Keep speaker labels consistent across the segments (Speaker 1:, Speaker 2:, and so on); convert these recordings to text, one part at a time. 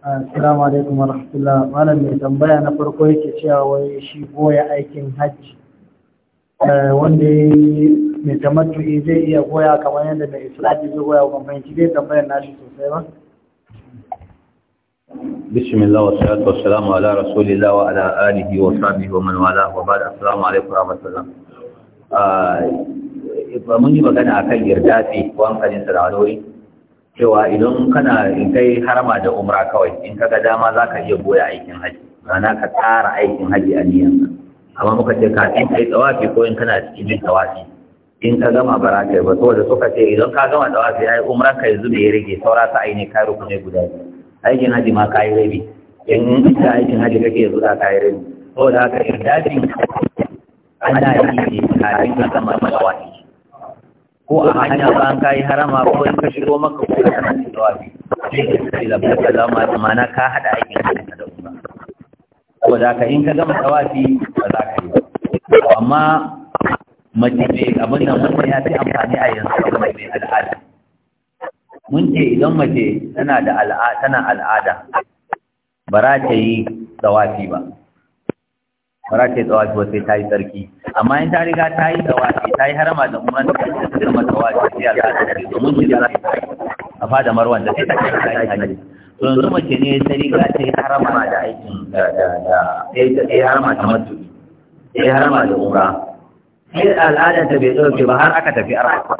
Speaker 1: Assalamu alaikum wa rahmatullah. Malam mai tambaya na farko yake cewa wai shi goya aikin hajji. Eh, wanda ya yi mai tamattu'i zai iya goya kamar yadda mai islami zai goya wa fahimci zai tambayar nashi sosai ba.
Speaker 2: Bismillah wa salatu wa salamu ala rasulillah wa ala alihi wa sahbihi wa man wala wa ba'da assalamu alaikum wa rahmatullah. Ah, mun yi magana akan yarda fi da sarawarori cewa idan kana in kai harama da umra kawai in kaga dama za ka iya goya aikin haji ma'ana ka tsara aikin haji a niyan amma muka ce ka in kai tsawafi ko in kana cikin yin tsawafi in ka gama ba za ka yi ba saboda suka ce idan ka gama tsawafi ai umra ka yanzu bai rage saura ta aini ka ruku ne guda biyu aikin haji ma ka yi rabi in ka aikin haji kake yanzu za ka yi rabi saboda haka irdadin ana yi ne yi ka gama tsawafi ko a hanya ba an kayi harama ko in ka shigo maka ko ka sanar da wafi sai da ka zama da mana ka hada aikin ka da Allah ko da ka in ka gama tawafi ba za ka yi ba amma mace mai abin da mun ya ci amfani a yanzu ga mai al'ada mun ce idan mace tana da al'ada tana al'ada ba za ta yi tawafi ba ba za ta yi tawafi ba sai ta yi tsarki amma in ta riga ta yi tawafi ta yi harama da umar da ta girma tawafi sai zata da domin mun shiga a fada marwan da sai ta kai ta yi hanyar to yanzu mace ne ta riga ta yi harama da aikin da ta yi harama da matu ta yi harama da umra sai al'adar ta bai ɗauke ba har aka tafi arafa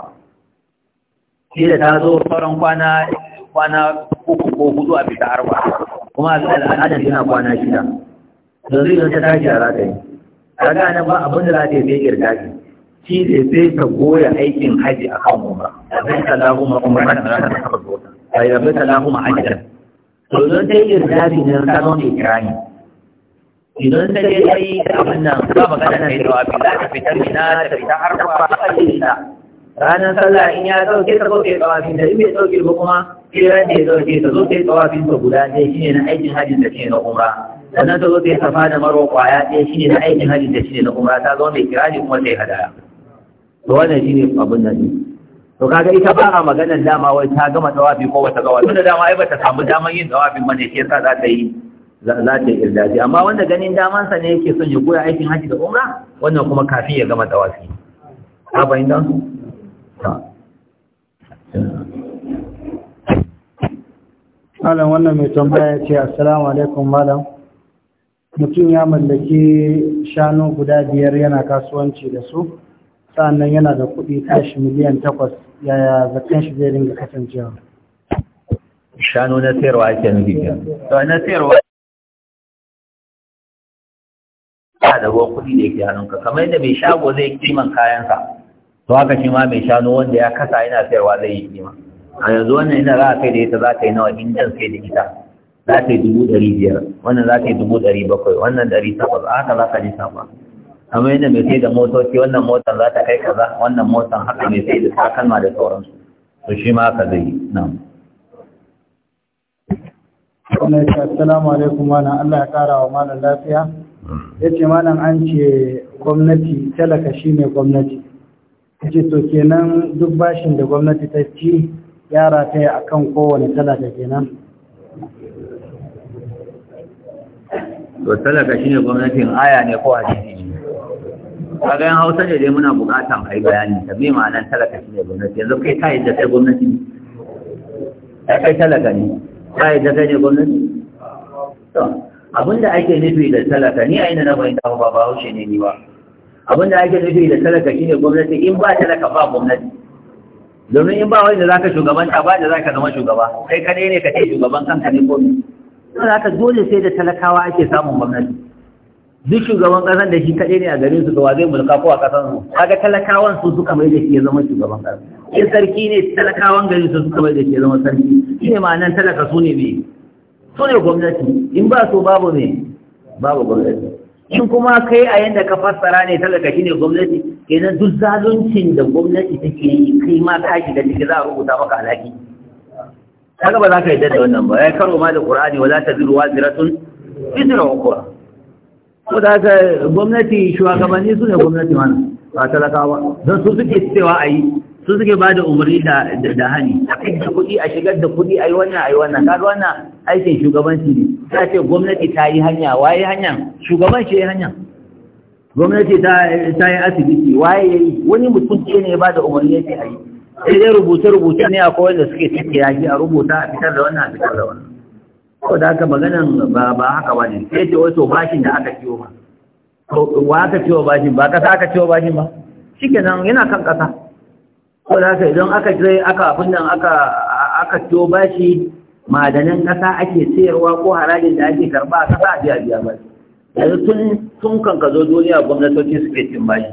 Speaker 2: sai da ta zo farin kwana kwana uku ko hudu a fita arafa. kuma al'adar tana kwana shida yanzu idan ta tashi a za ta yi kaga nan ba abin da za ta sai kirga shi shi ne sai ta goya aikin haji a kan umra abin ta lahuma umra na ta ta zo ta bai rabbi ta lahuma ajiyar to don ta yi kirga shi ne ta zo ne kirani idan ta je ta yi abin nan ba magana na yi da abin za ta fitar mina ta fita har ba ta ajiye ta ranar sallah in ya dauke ta dauke tsawafin da in bai dauke ba kuma kiran da ya dauke ta zo ta yi tsawafin ta guda ɗaya shine na aikin hajji da ke na umra sannan ta zo ta yi safa da maro kwaya ɗaya shi ne na aikin hajji da shi ne na umara ta zo mai kira ne kuma ta yi hadaya to wannan shi ne abin nan to kaga ita ba a maganar dama wai ta gama tawafi ko wata gawa tunda dama ai bata samu daman yin tawafin ne shi yasa za ta yi za ta yi irdaji amma wanda ganin damansa ne yake son ya koya aikin hajji da umra wannan kuma kafin ya gama tawafi ka fahimta
Speaker 1: Malam wannan mai tambaya ce, Assalamu alaikum Malam. mutum ya mallaki shanu guda biyar yana kasuwanci da su sa'annan yana da kuɗi tashi miliyan takwas yaya zakan shi zai ringa kasancewa
Speaker 2: shanu na sayarwa ake nufi to na sayarwa ba da ruwan kuɗi da yake hannunka kamar yadda mai shago zai kiman kayansa to haka shi ma mai shanu wanda ya kasa yana sayarwa zai yi kima a yanzu wannan ina za a kai da ita za ka yi nawa in sai da ita za ta yi dubu ɗari biyar wannan za ta yi dubu ɗari bakwai wannan ɗari takwas a haka za ka ji sama amma yadda mai sai da motoci wannan motar za ta kai kaza wannan motar haka mai sai da takalma da sauransu to shi ma haka zai yi na'am
Speaker 1: wannan shi assalamu alaikum malam Allah ya kara wa malam lafiya hmm. yace malam an ce gwamnati talaka shine gwamnati yace to kenan duk bashin da gwamnati ta ci yara ta yi akan kowane talaka kenan
Speaker 2: to talaka shine gwamnatin aya ne ko hadisi ne
Speaker 1: kaga yan hausa
Speaker 2: ne dai muna bukatan a yi bayani ta me ma'anar talaka shine gwamnati yanzu kai ta yadda kai gwamnati ne kai talaka ne kai da kai ne gwamnati to abinda ake nufi da talaka ni a ina na fahimta ba ba haushe ne ni ba abinda ake nufi da talaka shine gwamnati in ba talaka ba gwamnati domin in ba wani da zaka shugabanta ba da zaka zama shugaba kai kadai ne ka ce shugaban kanka ne ko ne saboda haka dole sai da talakawa ake samun gwamnati duk shugaban ƙasar da shi kaɗai ne a garin su gawa zai mulka ko a ƙasar su kaga talakawan su suka mai da shi ya zama shugaban ƙasar in sarki ne talakawan garin su suka mai da shi ya zama sarki shi ne nan talaka su ne mai su ne gwamnati in ba su babu ne babu gwamnati in kuma kai a yadda ka fassara ne talaka shi ne gwamnati kenan duk zaluncin da gwamnati take yi kai ma ka shiga ciki za a rubuta maka alhaki kaga ba za ka yadda da wannan ba ya karo ma da qur'ani wala taziru waziratun izra ukra ko da ka gwamnati shugabanni su ne gwamnati mana ba talakawa don su suke cewa ayi su suke ba da umarni da da hani a kai kuɗi a shigar da kuɗi ayi wannan ayi wannan kaga wannan aikin shugabanci ne ta ce gwamnati ta yi hanya waye hanya shugaban shi ya hanya gwamnati ta yi asibiti waye wani mutum ne ya ba da umarni yake ayi sai dai rubuce-rubuce ne akwai wanda suke cike yaki a rubuta a fitar da wannan a fitar da wannan ko da aka maganin ba ba haka ba ne sai ce wato bashin da aka ciwo ba wa aka ciwo bashin ba kasa aka ciwo bashin ba nan yana kan kasa ko da aka idan aka je aka abin nan aka aka ciwo bashi madanin kasa ake sayarwa ko harajin da ake karba a kasa a biya biya ba yanzu tun tun kan ka zo duniya gwamnatoci suke cin bashi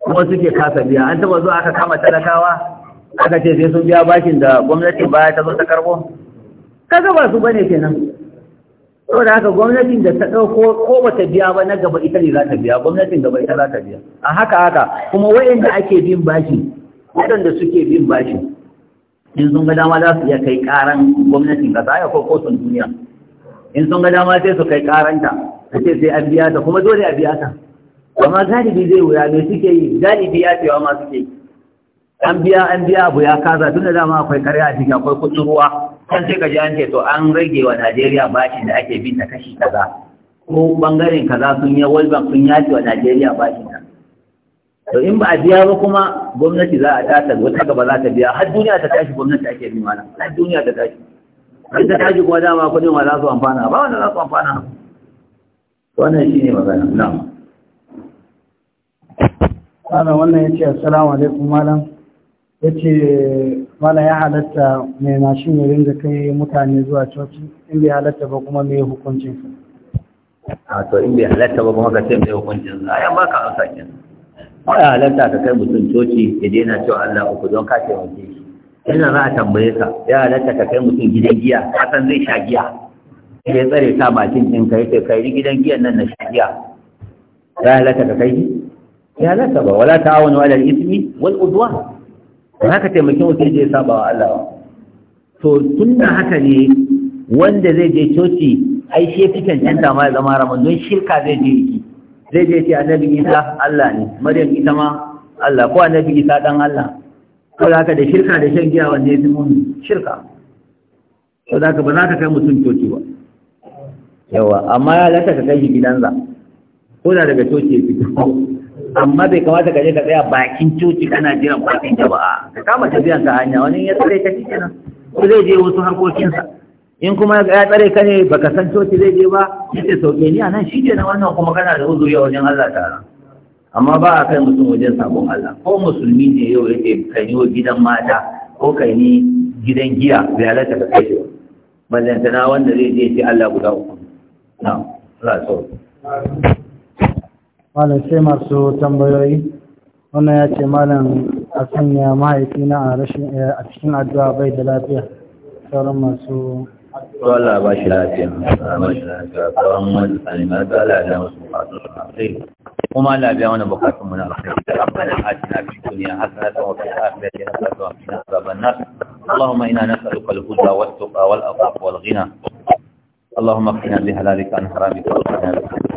Speaker 2: kuma suke kasa biya an taba zuwa aka kama talakawa aka ce sai sun biya bashin da gwamnatin baya ta zo ta karbo kaga ba su bane kenan saboda haka gwamnatin da ta ɗauko ko ba ta biya ba na gaba ita ne za ta biya gwamnatin gaba ita za ta biya a haka haka kuma wayanda ake bin bashi waɗanda suke bin bashi in sun ga dama za su iya kai ƙaran gwamnatin ƙasa ya ko kotun duniya in sun ga dama sai su kai ƙaranta ta ce sai an biya ta kuma dole a biya ta amma galibi zai wuya me suke yi galibi ya cewa ma suke yi an biya an biya abu ya kaza tun da dama akwai karya a ciki akwai kudin ruwa kan sai ka ji an ce to an rage wa Najeriya bashin da ake bin ta kashi kaza ko bangaren kaza sun yi World Bank sun yace wa Najeriya bashin ta to in ba a biya ba kuma gwamnati za a tata wata gaba za ta biya har duniya ta tashi gwamnati ake bi mana har duniya ta tashi har ta tashi kuma dama kudin ma za su amfana ba wanda za su amfana wannan shine magana na'am
Speaker 1: Ana wannan ya ce, Assalamu alaikum malam, ya ce mana ya halatta mai mashin ya da kai mutane zuwa coci in bai halatta ba kuma mai hukuncin su
Speaker 2: a to in bai halatta ba kuma ka ce mai hukuncin sa ka baka an sake ya halatta ka kai mutum coci ya daina cewa Allah uku don ka taimake shi yana za a tambaye ka ya halatta ka kai mutum gidan giya ka zai sha giya ya tsare ta bakin din kai sai kai gidan giyan nan na sha giya ya halatta ka kai ya halatta ba wala ta'awunu ala al-ithmi wal udwan ba haka taimaki wasu je saba wa Allah ba to tun da haka ne wanda zai je coci ai shi fi cancanta ma ya zama ramon don shirka zai je yi zai je ce annabi isa Allah ne maryam ita ma Allah ko annabi isa dan Allah ko haka da shirka da shan giya wanda ya fi mun shirka ko haka ba za ka kai mutum coci ba yawa amma ya lata ka kai gidanza. ko da daga coci ya fito amma bai kamata ka je ka tsaya bakin coci kana jiran fatin jama'a ka kama tafiyan ta hanya wani ya tsare ka cikin ko zai je wasu harkokinsa in kuma ya tsare ka ne baka san coci zai je ba ya ce sauke ni a nan shi ke na wannan kuma kana da huzuri a wajen Allah ta'ala amma ba a kai mutum wajen sabon Allah ko musulmi ne yau yake kan yi gidan mata ko ka yi gidan giya bai ta ka kai shi ballantana wanda zai je ce Allah guda uku na Allah
Speaker 1: malam sai masu tambayoyi wannan ya ce malam a sanya mahaifina a cikin addu'a bai da lafiya sauran masu
Speaker 2: Wala ba shi lafiya, ba shi lafiya, tsawon wani tsanimar da Allah ya masu bukatun su alkhairi. Kuma Allah biya wani bukatun muna alkhairi. Rabbana atina fid dunya hasanatan wa fil akhirati hasanatan wa qina adhaban nar. Allahumma inna nas'aluka al-huda wat-tuqa wal-afafa wal-ghina. Allahumma qina bi halalika an haramika wa qina bi